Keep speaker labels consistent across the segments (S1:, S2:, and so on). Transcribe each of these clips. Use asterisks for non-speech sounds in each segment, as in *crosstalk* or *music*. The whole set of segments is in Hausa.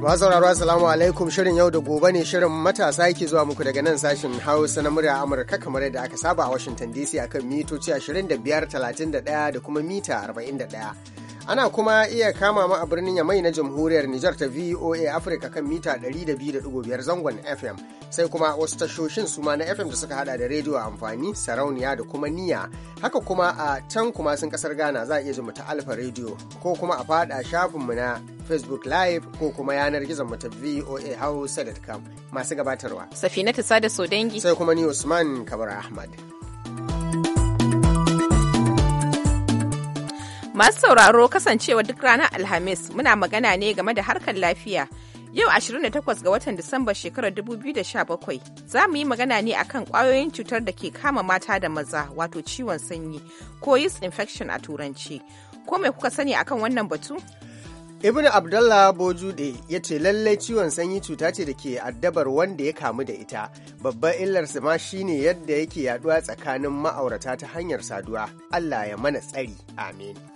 S1: Ba sauraro assalamu alaikum shirin yau da gobe ne shirin matasa yake zuwa muku daga nan sashin Hausa na murya Amurka kamar yadda aka saba a Washington DC akan mitoci 25, 31 da kuma mita 41. Ana kuma iya kama ma a birnin Yamai na Jamhuriyar Nijar ta VOA Africa kan mita biyar zangon FM sai kuma wasu tashoshin su ma na FM da suka hada da rediyo a amfani sarauniya da kuma niya. Haka kuma a can kuma sun kasar Ghana za a iya mu ta Alfa Radio ko kuma a fada mu na Facebook Live ko kuma yanar gizon mu ta VOA Hausa.com masu gabatarwa. Safinatu Sada Sodengi. Sai kuma ni Usman Kabar Ahmad.
S2: Masu sauraro kasancewa duk ranar Alhamis muna magana ne game da harkar lafiya. Yau 28 ga watan Disamba shekarar 2017 za mu yi magana ne akan kwayoyin cutar da ke kama mata da maza wato ciwon sanyi ko yeast infection a turanci. Ko mai kuka sani akan wannan batu?
S1: Ibn Abdullah Bojude ya ce lallai ciwon sanyi cuta ce da ke addabar wanda ya kamu da ita. Babban illarsa ma shine yadda yake yaduwa tsakanin ma'aurata ta hanyar saduwa. Allah ya mana tsari. Amin.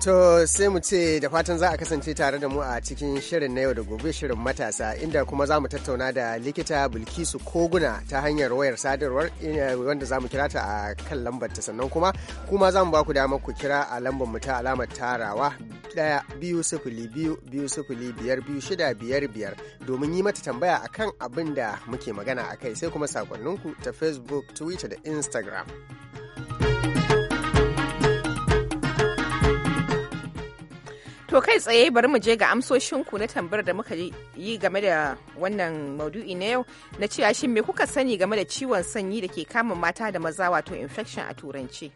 S1: To sai mu ce da fatan za a kasance tare da mu a cikin shirin na yau da gobe shirin matasa inda kuma za mu tattauna da likita Bilkisu Koguna ta hanyar wayar sadarwar wanda za mu kira ta a kan lambar sannan kuma kuma za mu ba ku dama ku kira a lambar mu ta alamar tarawa ɗaya biyu sifili biyu biyu sifili biyar biyu shida biyar biyar domin yi mata tambaya akan abin da muke magana a kai sai kuma sakonninku ta facebook twitter da instagram
S2: To kai tsaye bari mu je ga amsoshinku na tambar da muka yi game da wannan maudu'i na yau na cewa shin me kuka sani game da ciwon sanyi da ke kama mata da maza wato infection a turanci.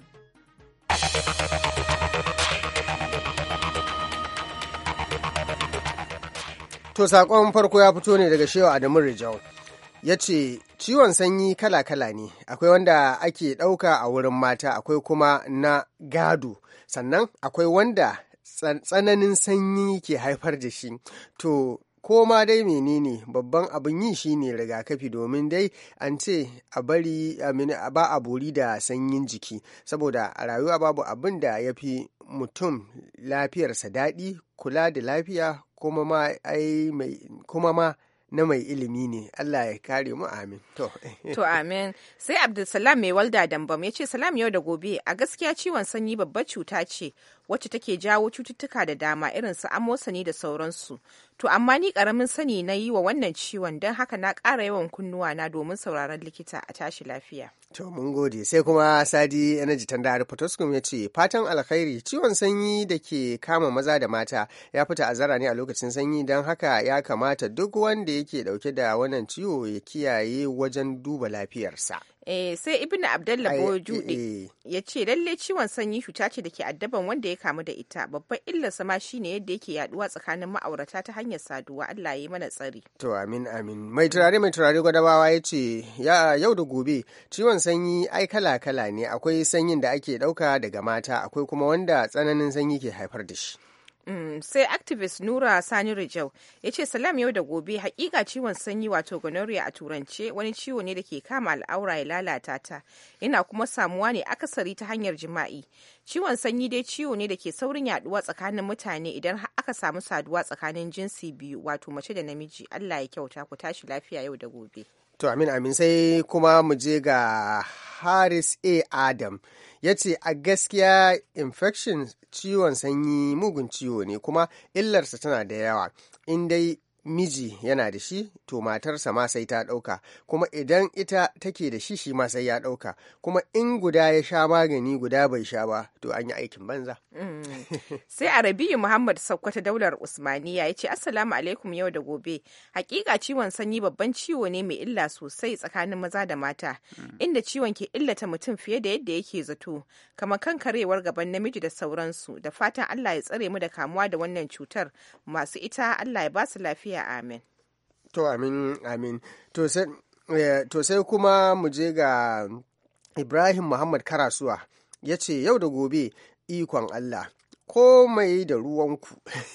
S1: To saƙon farko ya fito ne daga Shehu Adamu Rijau. Ya ce, ciwon sanyi kala-kala ne, akwai wanda ake ɗauka a wurin mata, akwai kuma na gado, sannan akwai wanda tsananin sanyi ke haifar da shi. To, ko ma dai menene babban abin yi shi ne rigakafi domin dai an ce a bari ba a bori da sanyin jiki saboda a rayuwa babu abin da ya fi mutum lafiyarsa daɗi kula da lafiya kuma ma, na mai ilimi ne Allah ya kare mu amin to *laughs* to
S2: amin sai abdulsalam mai walda dambam ya ce salam yau da gobe a gaskiya ciwon sanyi babbar cuta ce wacce take jawo cututtuka da dama irin su amosani da sauransu to amma ni karamin sani na yi wa wannan ciwon don haka na ƙara yawan kunnuwa na domin sauraron likita a tashi lafiya
S1: to mun gode sai kuma sadi energy da potoskum ya ce fatan alkhairi ciwon sanyi da ke kama maza da mata ya fita azara ne a lokacin sanyi don haka ya kamata duk wanda yake dauke da wannan ciwo ya kiyaye wajen duba lafiyarsa
S2: Eh, sai ibnu abdalla bojude eh, eh. ya ce lalle ciwon sanyi cuta ce da ke addaban wanda ya kamu da ita babban illarsa ma shine yadda yake yaduwa tsakanin ma'aurata ta hanyar saduwa Allah ya yi mana tsari
S1: to amin amin mai turare mai turare gwadabawa ya ce yau da gobe ciwon sanyi ai kala kala ne akwai sanyin da ake dauka daga mata akwai kuma wanda tsananin sanyi ke haifar da shi
S2: Mm, sai activist nura sani rijau ya ce salam yau da gobe hakika ciwon sanyi wato gonorrhea a turance wani ciwo ne da ke kama al'aura ya lalata ta yana kuma samuwa ne akasari ta hanyar jima'i ciwon sanyi dai ciwo ne da ke saurin yaduwa tsakanin mutane idan aka samu saduwa tsakanin jinsi biyu wato mace da namiji allah ya kyauta ku tashi lafiya yau da gobe
S1: To amin amin sai kuma mu je ga Haris A. Adam ya ce a gaskiya infection ciwon sanyi mugun ciwo ne kuma illarsa tana da yawa in dai miji yana da shi to matarsa ma sai ta ɗauka kuma idan ita take da shi shi ma sai ya ɗauka kuma in guda ya sha magani guda bai sha ba to an yi aikin banza mm. *laughs*
S2: sai arabiyu muhammad saukata daular usmaniya ya ce assalamu alaikum yau da gobe hakika ciwon sanyi babban ciwo ne mai illa sosai tsakanin maza da mata mm. inda ciwon ke illata mutum fiye da yadda yake zato kamar karewar gaban namiji da sauransu da fatan allah ya tsare mu da kamuwa da wannan cutar masu ita allah ya ba lafiya lafiya amin
S1: to amin amin eh, to sai kuma mu je ga ibrahim muhammad karasuwa ya ce yau da gobe ikon allah komai da ruwanku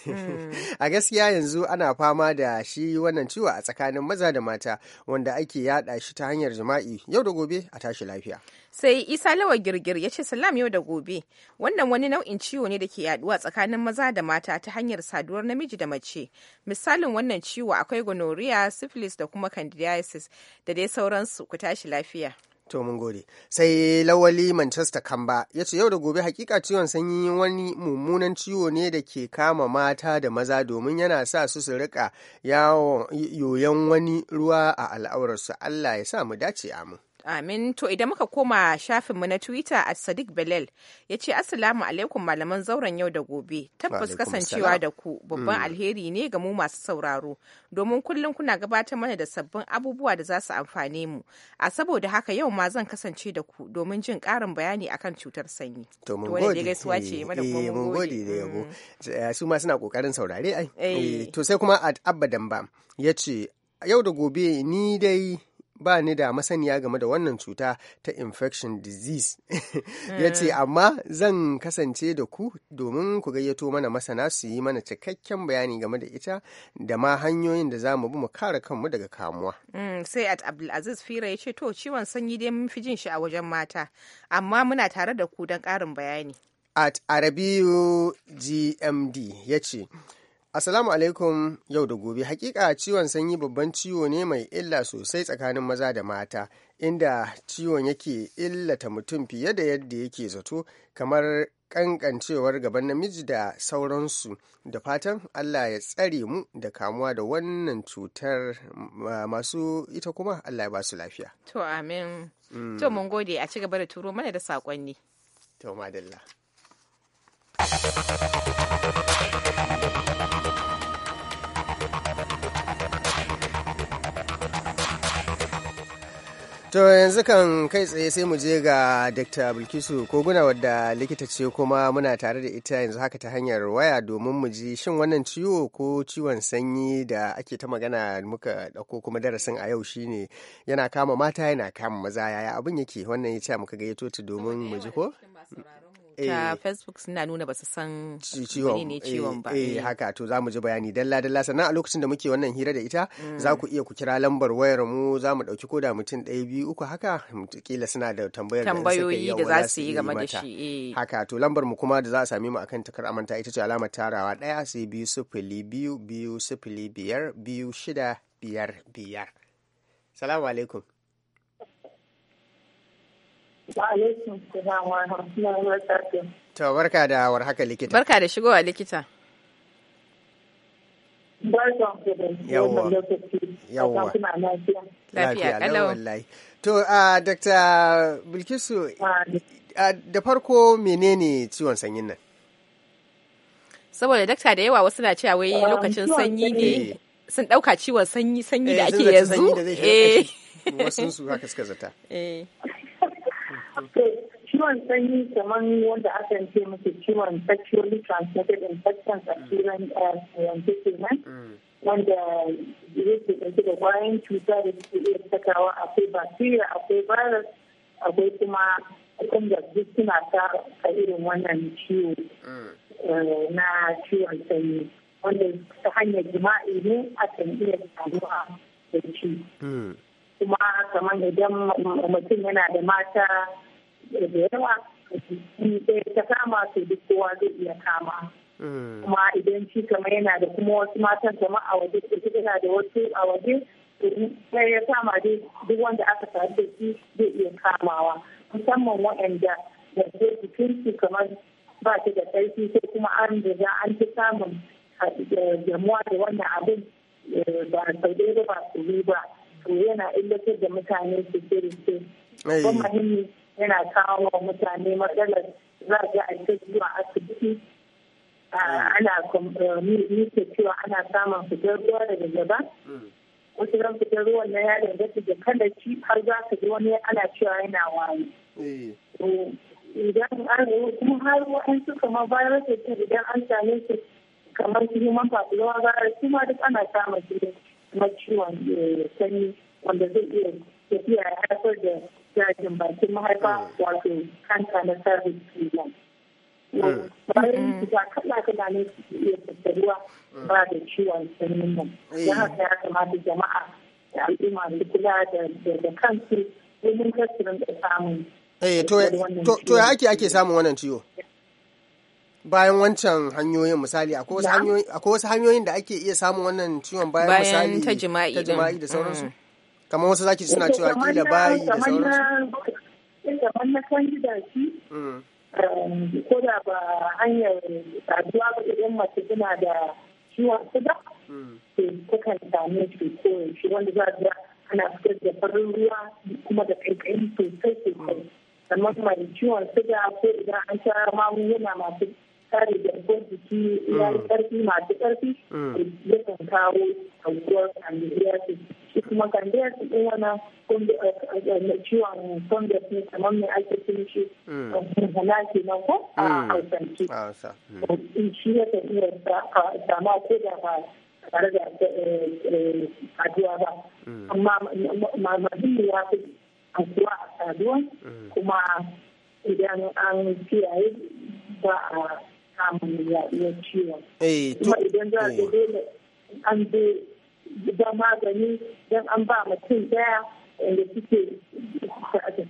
S1: mm. *laughs* a gaskiya yanzu ana fama da shi wannan ciwo a tsakanin maza da mata wanda ake yada shi ta hanyar jima'i yau da gobe a tashi lafiya
S2: sai isa lawa girgir ya ce salam yau da gobe wannan wani nau'in ciwo ne da ke yaduwa tsakanin maza da mata ta hanyar saduwar namiji da mace misalin wannan ciwo akwai gonorrhea syphilis da kuma candidiasis da dai sauransu ku tashi lafiya
S1: To mun gode. Sai lawali Manchester Kamba ya ce yau da gobe hakika ciwon sanyi wani mummunan ciwo ne da ke kama mata da maza domin yana sa su su rika yoyon wani ruwa a al'aurarsu. Allah ya sa mu dace amin.
S2: Amin. To idan muka koma shafinmu na Twitter at Sadiq Belal ya ce Assalamu alaikum malaman zauren yau da gobe. Tabbas kasancewa da ku babban mm. alheri ne ga mu masu sauraro domin kullum kuna gabatar mana da sabbin abubuwa da za su amfane mu. A saboda haka yau ma zan kasance da ku domin jin ƙarin bayani akan cutar sanyi. To mun gode. gaisuwa ce eh, mun gode.
S1: da yabo. Mm. Eh, su ma suna ƙoƙarin saurare ai. Eh. To sai kuma at Abba Damba ya ce yau da gobe ni dai ba ni da masaniya game da wannan cuta ta infection disease *laughs* ya ce hmm. amma zan kasance da ku domin ku gayyato mana masana su yi mana cikakken bayani game da ita da ma hanyoyin da za mu bi mu kare kanmu daga kamuwa
S2: hmm, sai at abdulaziz fira ya ce to ciwon sanyi dai mun fi jin shi a wajen mata amma muna tare da ku don ƙarin bayani
S1: at arabiyu gmd ya ce Assalamu alaikum yau da gobe. Hakika ciwon sanyi babban ciwo ne mai illa sosai tsakanin maza da mata, inda ciwon yake illata mutum fiye da yadda yake zato kamar kankancewar gaban namiji da sauransu da fatan Allah ya tsare mu da kamuwa da wannan cutar masu ita kuma Allah ya ba su lafiya.
S2: To amin. Mm. To mun gode a ci gaba da turo mana da saƙonni.
S1: To madalla. To yanzu kan kai tsaye sai mu je ga Dr. Bilkisu Koguna wadda likita ce kuma muna tare da ita yanzu haka ta hanyar waya domin mu ji shin wannan ciwo ko ciwon sanyi da ake ta magana muka ɗauko kuma darasin a yau shine yana kama mata yana kama maza yaya abin yake wannan ya ce muka gayyato ta domin mu ji ko?
S2: ta eh. facebook suna nuna ba su san eh, ciwon ba eh, eh haka
S1: to za mu ji bayani dalla dalla sannan a lokacin da muke wannan hira da ita mm. za ku iya ku kira lambar wayar mu za mu dauki koda mutum ɗaya biyu uku haka kila suna da tambayar yi da za su yi game da shi haka to lambar mu kuma da za a same mu akan takar amanta ita ce alamar tarawa ɗaya sai biyu sifili biyu biyu sifili biyar biyu shida biyar biyar salamu alaikum To barka da warhaka likita. Barka da shigowa likita.
S3: Yawwa.
S1: Yawwa. Lafiya kalau. Wallahi. To a Dr. Bilkisu da farko menene ciwon sanyin nan?
S2: Saboda dakta da yawa wasu na cewa wai lokacin sanyi ne sun ɗauka ciwon sanyi sanyi da eh, ake yanzu. Eh.
S1: wasu su haka suka zata. *laughs*
S2: Eh.
S3: ciwon sanyi kamar wanda aka ce muke ciwon sexually transmitted infections a turan mm. eh, yanzu kenan mm. wanda yake ɗauke da kwayoyin cuta da suke iya sakawa akwai bacteria akwai virus akwai kuma da duk suna ta a irin wannan ciwo mm. eh, na ciwon sanyi wanda ta hanyar jima'i ne a kan iya samuwa da ciwo kuma kamar idan mutum yana da mata da yawa ta kama su duk kowa zai iya kama hmm. kuma idan shi kamar yana da kuma wasu matan zama a waje su yana da wasu a waje sai ya kama dai duk wanda aka sadu da shi zai iya kamawa musamman waɗanda da zai jikin su kamar ba su da ƙarfi ko kuma an da an ci samun jamuwa eh, da wannan abin eh, ba sau da ba su yi ba to yana illatar da mutane su sai ban su. yana kawo wa mutane matsalar za ga a ce zuwa asibiti ana eh, nufin cewa ana samun fitar ruwa daga gaba mm. wasu ran fitar ruwan na ya danganta da kada ci har za su ji wani ana cewa yana waye eh. idan an kuma har wa'ansu kamar virus ce idan an same su kamar su human papilloma virus su ma duk ana samun su na ciwon eh, sanyi wanda zai iya tafiya ya haifar da yajin bakin mahaifa wato kanta na service prison bayan fita kala kala ne su iya tattaruwa ba da ciwon sanyin nan ya haka ya kamata jama'a da al'umma da kula da kansu domin kasirin da samun
S1: Eh, to ya ake ake samun wannan ciwo? Bayan wancan hanyoyin misali, akwai wasu hanyoyin da ake iya samun wannan ciwon bayan misali ta jima'i da sauransu? Mm. kamar wasu zaki suna eh, cewa kila bayi da sauransu
S3: kamar na eh, kan da shi hmm. eh, ko da ba hanyar saduwa ba idan mace suna da ciwon suga hmm. to kukan same shi ko shi wanda za ga ana fitar da farin ruwa kuma da kaikayi sosai sosai hmm. kamar mai ciwon suga ko idan an sha magunguna masu kare garkuwar jiki ya yi mm. ƙarfi masu ƙarfi mm. yakan kawo abubuwar candidiasis shi kuma candidiasis ɗin wannan eh, eh, eh, ciwon fungus ne kamar mai ake cin shi mm. hana ke nan ko a hausance shi yakan iya sama ko da ba tare da saduwa ba amma mazini ya fi kuwa a saduwa kuma idan an kiyaye ba a samun yaɗuwar ciwon. Eh, kuma idan za ka eh. dole an je gidan magani don an ba mutum daya da suke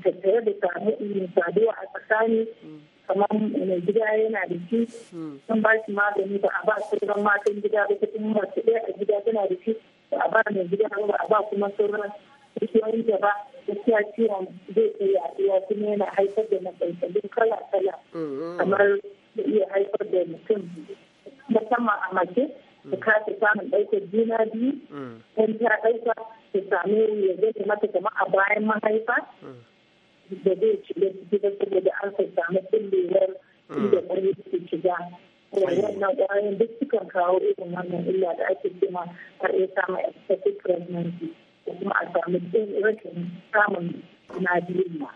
S3: tattare da samu saduwa a tsakani hmm. kamar mai gida yana da shi sun hmm. ba shi magani ba a ba sauran matan gida ba ta kuma masu ɗaya a gida tana da shi ba a ba mai gida ba a ba kuma sauran cikin da ba gaskiya ciwon zai kai yaduwa kuma yana haifar da matsalolin kala-kala
S4: hmm, kamar
S3: da iya haifar da mutum musamman a mace ta mm. kasa samun ɗaukar juna biyu mm. in ta ɗauka ta samu ya zai mata kama a bayan mahaifa mm. da zai shiga gida saboda an sai samu kullewar da ƙwari su shiga wannan ƙwayoyin duk sukan kawo irin wannan illa da ake cema har iya samun ecstatic pregnancy
S1: kuma a samu rashin samun juna biyu ma.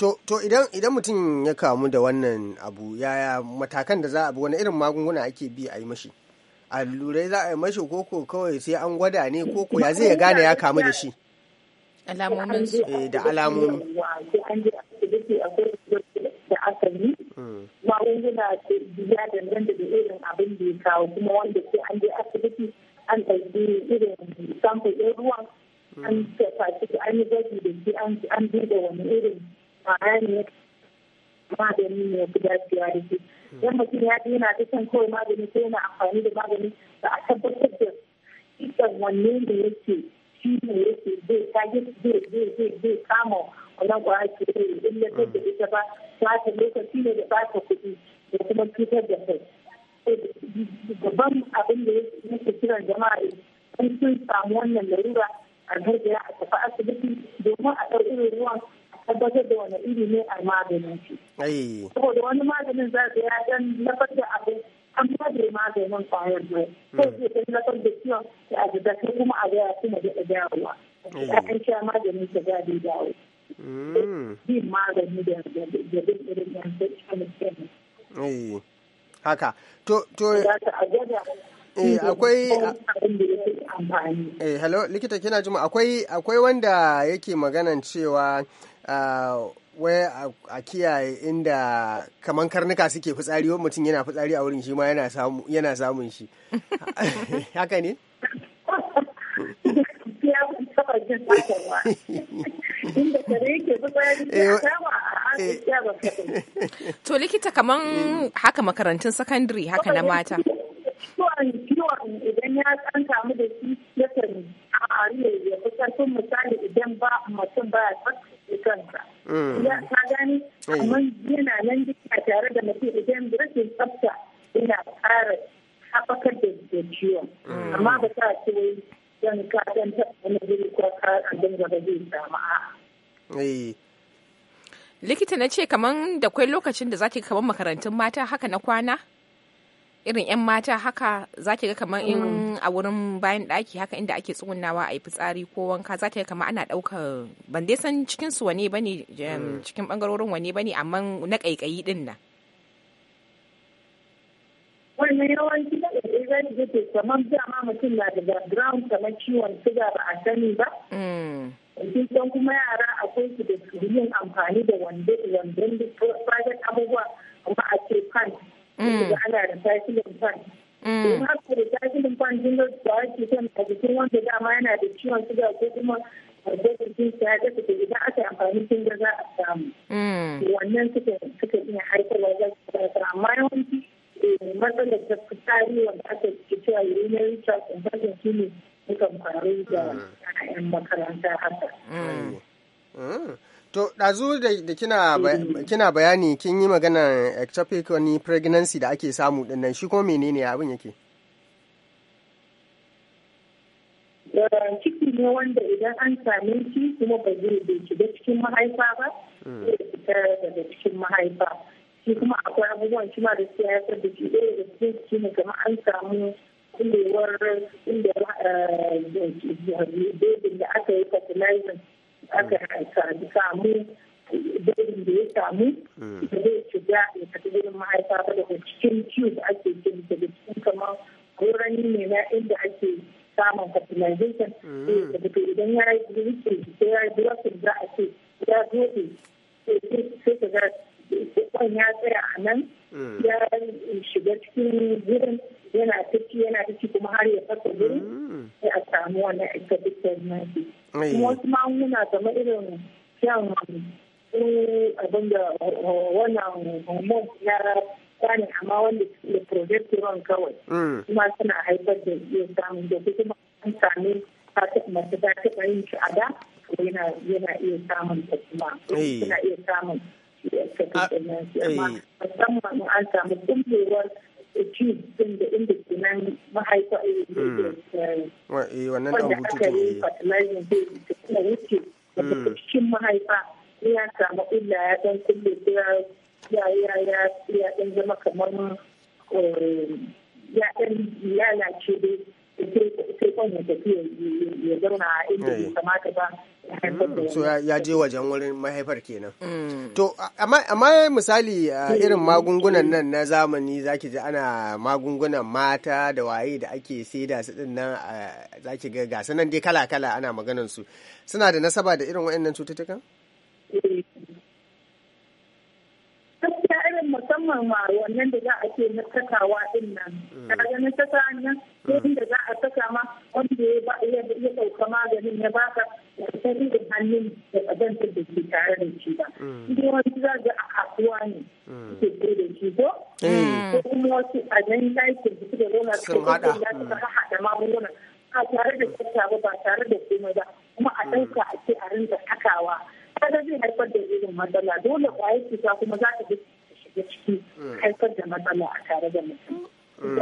S1: To, to idan idan mutum ya kamu da wannan abu yaya matakan da za a bi wani irin magunguna ake bi a yi mashi? A Allurai za a yi mashi koko kawai sai an gwada ne koko ya zai ya gane ya kamu da shi. Alamomin su. Eh da alamomi.
S3: Da aka yi magunguna ya danganta da irin abin da ya kawo kuma wanda sai an je asibiti an ɗauki irin samfur ɗin ruwan an tafa hmm. ciki an yi gwaji da shi an duba wani irin ƙwararren magani ne guda biyar da shi yan hmm. mutum ya ji yana ta san kawai magani ko yana amfani da magani da a tabbatar da ikan wanne da yake shi ne yake zai tage zai zai zai kama wannan kwara ke zai illatar da ita ba ba ta lokaci ne da ba ta kuɗi da kuma cutar da kai gaban abin da yake kiran jama'a sun samu wannan larura a gargara a tafi asibiti domin a ɗau irin ruwan tabbatar da wani iri ne a maganin shi. Saboda wani maganin za ka ya dan lafar da abu an fadre maganin kwayar mai. Hmm. Ko zai dan lafar da ciwon da a da sai kuma a gaya kuma da dawowa. Ta kan sha maganin ta ga da dawo.
S1: Bin hmm.
S3: magani da da bin irin yan da cikin
S1: Haka. To to. eh akwai eh hello likita kina jima akwai akwai wanda yake maganan cewa wai a kiyaye inda kaman karnuka suke fitsari wani mutum yana fitsari a wurin shi ma yana samun shi haka ne?
S2: To likita kaman haka makarantun sakandare haka na mata.
S3: Ciwon idan ya an samu da shi yakan a ya kusa misali idan ba mutum ba ya Mm. ya ta gani oh. amma yana nan duka tare da mutum idan rashin tsafta yana ƙara haɓakar da ciwon mm. amma ba ta ce wai zan ka zan taɓa wani guri ko ka abin gaba zai samu a'a.
S1: Eh.
S2: likita na ce kaman da kwai lokacin da zaki kaman makarantun mata haka na kwana? irin 'yan mata haka za ga kamar in mm. a wurin bayan ɗaki haka inda ake tsugunawa a yi fitsari ko wanka za ta ga kamar ana ɗaukar ban dai san mm. cikin su wane bane cikin bangarorin wane bane amma na ƙaiƙayi din nan.
S3: wannan yawanci da ɗaiɗai kamar dama mutum na da background kamar ciwon suga ba a sani ba. Mm. kin san kuma yara akwai su da su yin amfani da wanda wanda private abubuwa kuma a ce kan Mm. ana da cycling fan in haka da cycling fan din da zuwa ke kan a jikin wanda dama yana da ciwon suga ko kuma da jikin ya ta fita idan aka amfani kin ga za a samu mm. wannan suka suka iya haifarwa da su amma yawanci eh, matsalar da fitsari wanda aka ke cewa urinary tract infection shi ne mukan faru da 'ya'yan mm. makaranta haka.
S1: To, ɗazu da kina bayani kin yi maganar ectopic wani pregnancy da ake samu ɗin shi kuma menene abin yake?
S4: Eh,
S3: ciki ne wanda idan an same shi kuma ba zai shiga cikin mahaifa ba, hmm. zai fita daga cikin mahaifa. Shi kuma akwai abubuwan shi ma da suke haifar da shi ɗaya da suke shi ne kamar an samu kulewar inda eh, da aka yi fertilizer aka samu dairin da ya samu da zai shiga ya tafi gurin ma'aikata ba daga cikin tube ake jin daga cikin kamar wurin ne na inda ake samun fertilization da fito idan ya yi wuce da ya yi wasu za a ce ya zoɗe sai ka ga ya tsaya a nan ya shiga cikin gurin yana ta ci yana ta ci kuma har ya fasa guri mm. sai a samu wannan exhibition nashi kuma wasu magunguna kamar irin shan abin da wannan hormone ya kwanin amma wanda suke progesterone kawai mm. kuma suna haifar da iya samun da kuma an sami mace ta taɓa yin shi a da yana iya samun ta kuma suna iya samun musamman an samu kumbewar Hmm. Eh, tube din da inda kenan mahaifa a
S1: yi wannan dan hutu aka yi
S3: fertilizer ta kuma wuce daga hmm. cikin mahaifa ya samu illa ya dan kulle ya ya ya ya dan zama kamar eh, ya dan lalace dai sai kawai ya
S1: ya ya je wajen wurin mahaifar kenan to amma misali irin magungunan nan na zamani zaki ji ana magungunan mata da waye da ake saida su din nan zaki ga gasu nan dai kala kala ana maganan su suna da nasaba da irin waɗannan cututtukan irin
S3: musamman ma wannan da za a ce na din nan mm. nan yadda za a saka ma wanda ya ba ya ɗauka maganin ya baka sani da hannun da ƙazantar da ke tare da shi ba. Mm. Inda yawanci za ga a kasuwa ne mm. ke ke da shi ko? Mm. Ko kuma wasu a nan ɗakin da suka a suka haɗa da suka haɗa magunguna. Ba tare da tsafta ba ba tare da komai ba kuma a ɗauka a ce a rinka takawa. Kada zai haifar da irin matsala dole ƙwayar cuta kuma za ta bi shiga ciki haifar da matsala a tare da mu.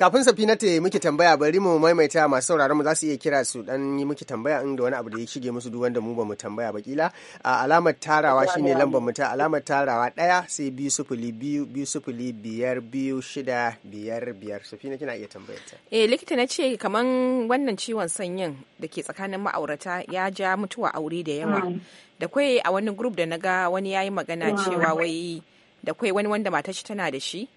S1: kafin safina ta yi muke tambaya bari mu maimaita masu sauraron mu za su iya kira su dan yi muke tambaya in da wani abu da ya shige musu duk wanda mu ba mu tambaya ba kila alamar tarawa shine lambar mu ta alamar tarawa daya sai biyu sufuli biyu biyu sufuli biyar biyu shida biyar biyar safina kina iya tambayar ta
S2: eh likita na ce kaman wannan ciwon sanyin da ke tsakanin ma'aurata ya ja mutuwa aure da yawa mm. da kwai a wani group da naga wani yayi magana mm. cewa wai da kwai wani wanda matar shi tana da shi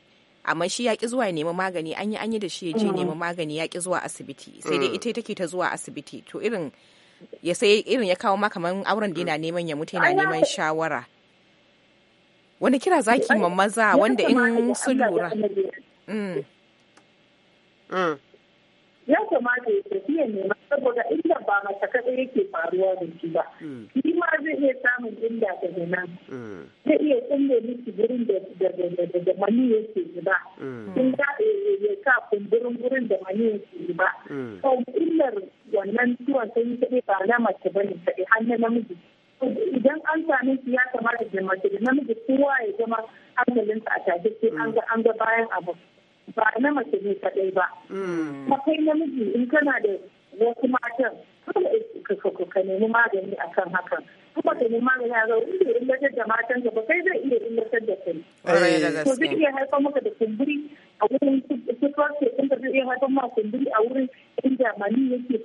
S2: amma shi yaƙi zuwa ya nemi magani an yi an yi da shi ya je mm. nemi magani yaƙi zuwa asibiti sai dai mm. ita take ta zuwa asibiti to irin ya sai irin ya kawo ma kamar auren da yana mm. neman ya mutu yana neman shawara wani kira zaki ma maza wanda in sun lura
S3: ya kamata ya tafiya nema saboda inda ba masa kaɗai yake faruwa da shi ba hmm. shi ma zai iya samun inda daga nan hmm. zai iya kulle miki gurin da mani yake zuba hmm. in ka ya ka kumburin gurin da mani yake zuba sau illar wannan ciwon sun kaɗai ba na mace ba ne kaɗai har na namiji idan an sami shi ya kamata da mace da namiji kowa ya zama hankalinsa a tafi sai an ga bayan abu ba na mace ne kadai ba. Hmm. Makai namiji in kana da wasu matan kuma ka nemi magani a kan hakan. Kuma ka nemi magani a ga zaune da illatar da matan ba kai zai iya illatar da kai. To zai iya haifar maka da kumburi a wurin sufar ke inda zai iya haifar maka kumburi a wurin inda mani yake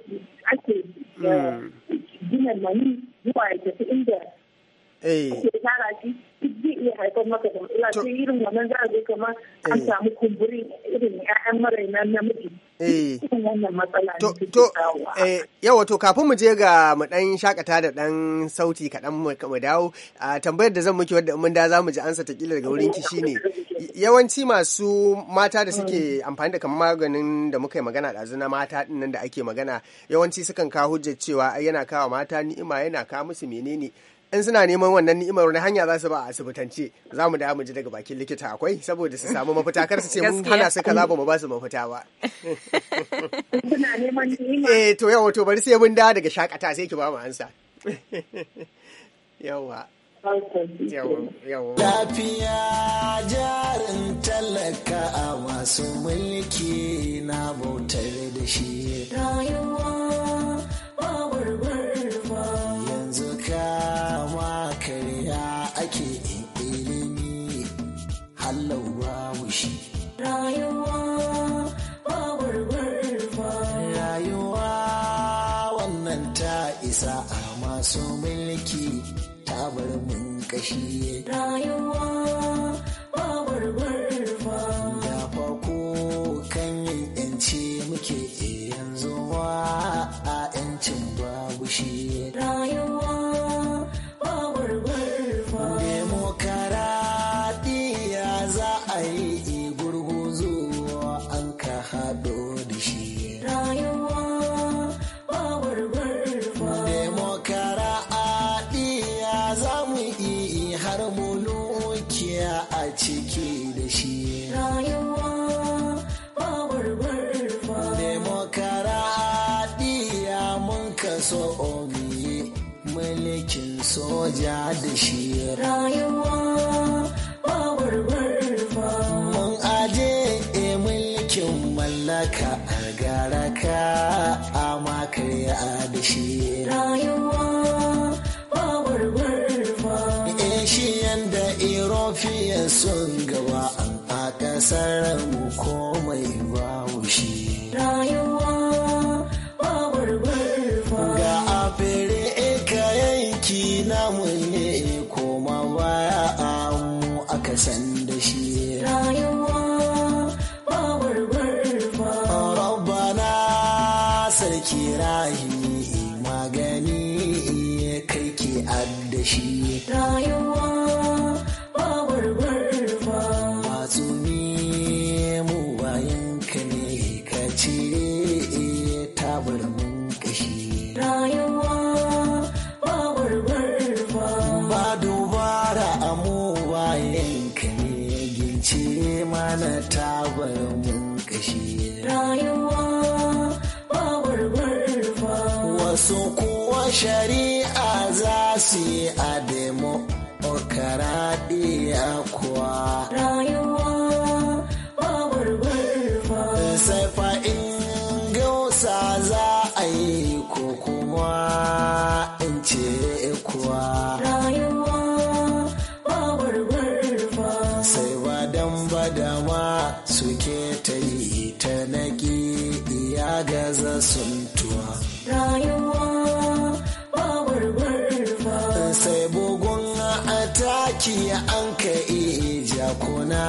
S3: ake hmm. eh, gina mani zuwa ya tafi inda Eh. yawa eh.
S1: eh. to kafin mu je ga mu dan shakata da dan sauti kaɗan mu dawo tambayar da zan muke wadda mun da za mu ji ansa ta kila daga wurin ki shine yawanci masu mata da suke mm. amfani da kamar maganin da muka yi magana ɗazu na mata nan da ake magana yawanci sukan kawo hujjar cewa yana kawo mata ni'ima yana kawo musu menene in suna neman wannan ni'imar wani hanya za su ba a asibitance za mu da mu ji daga bakin likita akwai saboda su samu mafita kar su ce mun hana su kaza ba mu ba su mafita ba suna eh to yawa to bari sai mun da daga shakata sai ki ba mu ansa yawa Lafiya
S5: jarin talaka a masu mulki na bautar da shi. Rayuwa ba warware. dama karya ake ilimi hallawa mushi
S6: rayuwa
S5: rayuwa wannan ta isa a masu mulki ta bar mun kashi rayuwa son gaba a ƙasar mu su kuwa shari'a za su yi a demo okaraɗiya kuwa. Rayuwa wa Sai fa'in gausa za a yi ko kuma in ce kuwa.
S6: Rayuwa babar gurfa.
S5: Sai badan badama suke ta yi ta naƙi iya gaza sun tuwa. Rayuwa yaki an ka iya kuna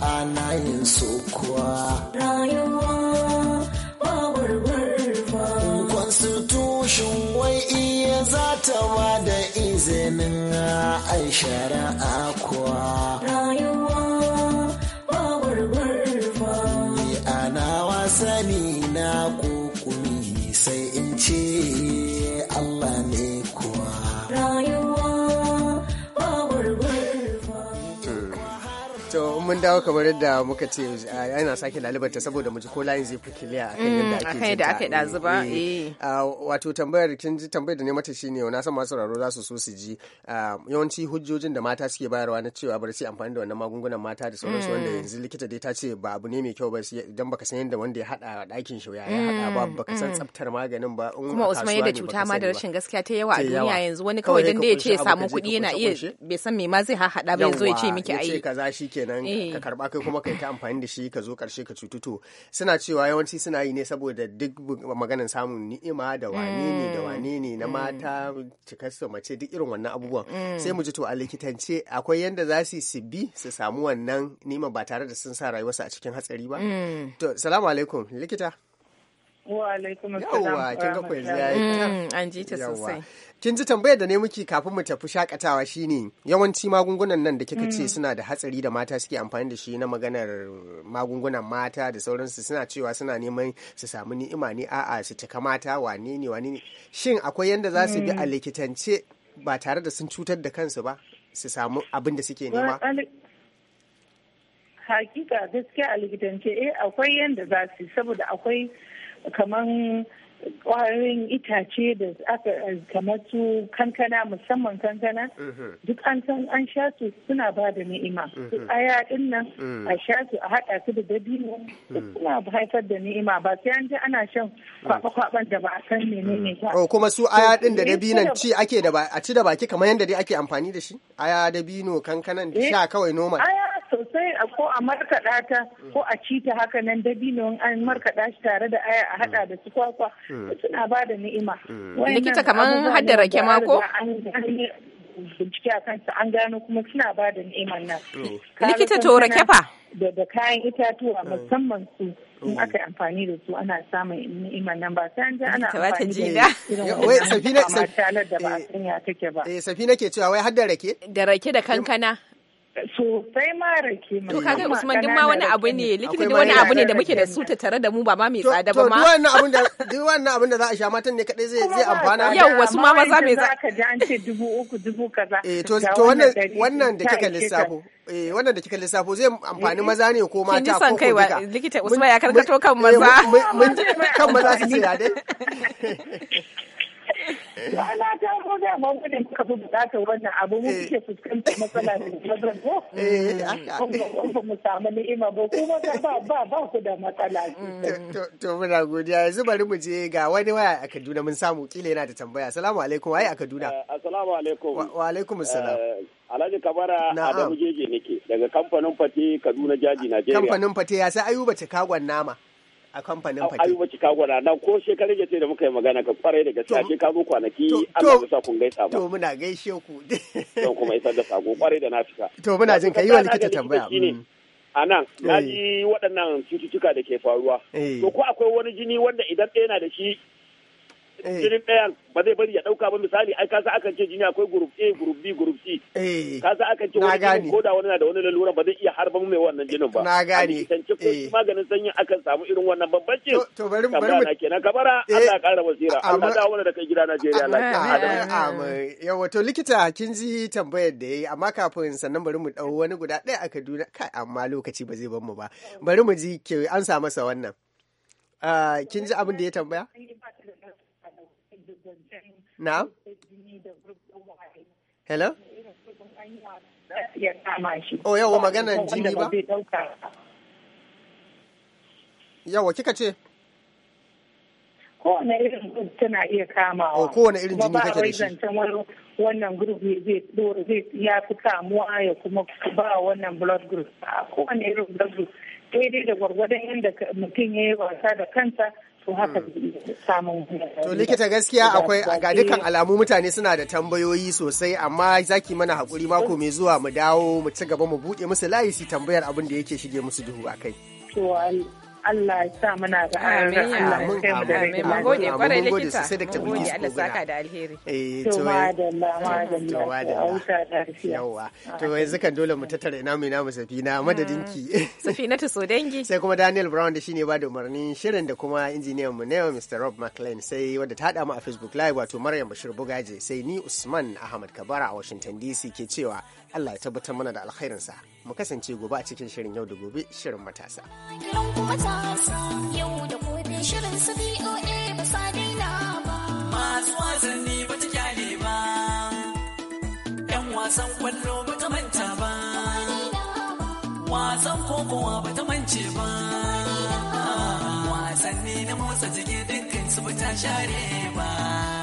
S5: ana yin sokuwa.
S6: Rayuwa
S5: ba Constitution wai iya za ta ba da izinin aishara akuwa.
S6: Rayuwa ba
S5: Ana wasani na kokumi sai in ce.
S1: mun dawo kamar yadda muka ce eh, ana sake lalibarta saboda mu ji ko layin zai fi kiliya akan yadda mm, ake jinta. da ake eh, eh. Ah, Wato tambayar kin ji tambayar da ne mata shine na san masu raro za su so su ji ah, yawanci hujjojin da mata suke bayarwa na cewa bari su amfani da wannan magungunan mata da sauransu wanda mm. yanzu likita dai ta ce ba abu ne mai kyau ba idan baka san yadda wanda ya hada dakin shi ya hada ba mm, baka san tsaftar maganin ba. Kuma Usman yadda cuta ma da rashin
S2: gaskiya ta yawa a duniya yanzu wani kawai dan da ya ce samu kuɗi yana iya bai san me ma zai hada ba yanzu ya ce miki ai.
S1: kaza shikenan ka eh. karba kai kuma kai ta amfani da shi ka zo karshe ka to suna cewa yawanci suna yi ne saboda duk maganin samun ni'ima da wane ne da mm. wane ne na mm. mata cikarsa mace duk irin wannan abubuwan mm. sai mu ji to a likitance akwai yanda za su su bi su samu wannan ni'ima ba tare da sun sa rayuwarsu a cikin hatsari ba to salamu alaikum likita
S3: Yawwa kin ga kwai yayi. Mm, an ji ta sosai.
S1: Kin ji tambayar da ne muke kafin mu tafi shakatawa shine yawanci magungunan nan da kika ce mm. suna da hatsari da mata suke amfani da shi na maganar magungunan mata da sauransu suna cewa suna neman su samu ni'ima ne a'a su cika mata wane ne wane ne shin akwai yanda za su bi a mm. likitance ba tare da sun cutar da kansu ba su samu abin da suke nema?
S3: Hakika gaskiya a likitance eh akwai yanda za su saboda akwai kaman kwayoyin itace da aka kamar su kankana musamman kankana mhm. duk an san an sha su suna ba da ni'ima duk mhm. aya din nan mhm. a sha su a haɗa su da dabino suna haifar da ni'ima ba sai an ji ana shan kwakwakwaban da ba a san menene ba.
S1: Oh, kuma su aya din da dabinon ci ake da a ci da baki kamar yadda dai ake amfani da shi aya dabino kankanan da eh, sha kawai normal. aya
S3: ko a markaɗa ta ko a ci ta haka nan dabino an markaɗa shi tare da aya a haɗa da su kwakwa suna ba da ni'ima. Likita kamar hadda rake ma ko? bincike a kansa an gano kuma suna ba da nan. Likita to rake fa? Da kayan itatuwa musamman su in aka amfani da su ana samun
S1: ni'imar nan ba sai an ji ana amfani da irin safina da ba a eh, sanya take ba eh, ke cewa wai hadda rake da rake da kankana sosai ma rake
S2: to kaga Usman duk ma wani abu
S1: ne likita duk wani abu ne da
S2: muke da su ta tare da mu ba ma mai tsada ba ma to wannan
S1: da duk wannan abin da za a sha matan ne kadai zai zai amfana yau wasu ma maza mai za ka ji an ce dubu uku dubu kaza eh to to wannan wannan da kika lissafo eh wannan da kika lissafo zai amfani eh, maza ne ko mata ko kai wa likita Usman ya karkato kan eh, maza kan maza su ce da dai
S3: *laughs* Ana dama mu ne muka fi bukatar wannan abu mu kuke eh. fuskantar matsala da jabran eh, ko ba mu samu ni'ima ba kuma ba ba ba ku da matsala mm,
S1: to muna godiya yanzu bari mu je ga wani waya a Kaduna mun samu kila yana da tambaya assalamu alaikum waye a Kaduna eh, assalamu alaikum wa alaikum assalam Alhaji Kabara Adamu Jeje nake daga kamfanin Fate Kaduna Jaji Najeriya kamfanin Fate ya sai Ayuba Cikagon nama a kamfanin fate ai wace ka gwada na ko shekarar ce da muka yi magana ka kwarai da gaskiya ke ka zo kwanaki Allah ya sa kun gaisa ba to muna gaishe ku don *laughs* kuma isar da sako kwarai da na fita to muna jin kai wa likita tambaya mm. a nan na eh. ji waɗannan cututtuka da ke faruwa eh. to ko akwai wani jini wanda
S3: idan ɗaya na da shi Eh. jinin ɗaya ba zai bari ya ɗauka ba misali ai kasa akan ce jini
S1: akwai group A group B group C eh. kasa akan ce wani ko da wani na da wani lalura ba zai iya harba mai wannan jinin ba na gane tantance ko eh. maganin sanyin akan samu irin wannan ce to bari bari mu kenan kabara Allah ya ƙara basira Allah da wani da kai gida Najeriya lafiya amin yawa to likita kin ji tambayar da yayi amma kafin sannan bari mu dau wani guda ɗaya a Kaduna kai amma lokaci ba zai bar mu ba bari mu ji ke an sa masa wannan ah, kin ji abin da ya tambaya Now? hello oh yawa magana jini ba yawa kika ce
S3: kowane irin group tana iya kamawa. Oh, kowane irin jini kake da shi. Kuma ba wannan group zai dora zai ya fi kamuwa ya kuma ba wannan blood group. Kowane irin blood group daidai da gwargwadon yadda mutum ya yi wasa da kansa to haka
S1: hmm. samun likita gaskiya akwai ga dukkan alamu mutane suna da tambayoyi sosai amma zaki mana hakuri mako mai zuwa mu dawo mu ci gaba mu buɗe musu layi su tambayar abin da yake shige musu duhu akai
S3: to Allah ya sa muna ga amin Allah ya kai
S1: mu da rai mun gode kwarai likita mun gode Allah saka da alheri eh to madalla madalla yawa to yanzu kan dole mu tattara ina mu ina mu safina ah. madadin ki *laughs* safina ta so dangi sai kuma Daniel Brown da shine ba da umarnin shirin da kuma injiniyan mu ne Mr Rob McLean sai wanda ta hada mu a Facebook live wato Maryam Bashir Bugaje sai ni Usman Ahmad Kabara a Washington DC ke cewa Allah ya tabbatar mana da alkhairinsa mu kasance gobe a cikin shirin yau da gobe shirin matasa
S5: yau da gobe shirin su
S4: ba masu
S5: wasanni ba ta kyale ba yan wasan kwallo ba ta manta ba wasan kokowa ba ta mance ba wasanni na motsa jiki
S4: dukkan su ba ta share ba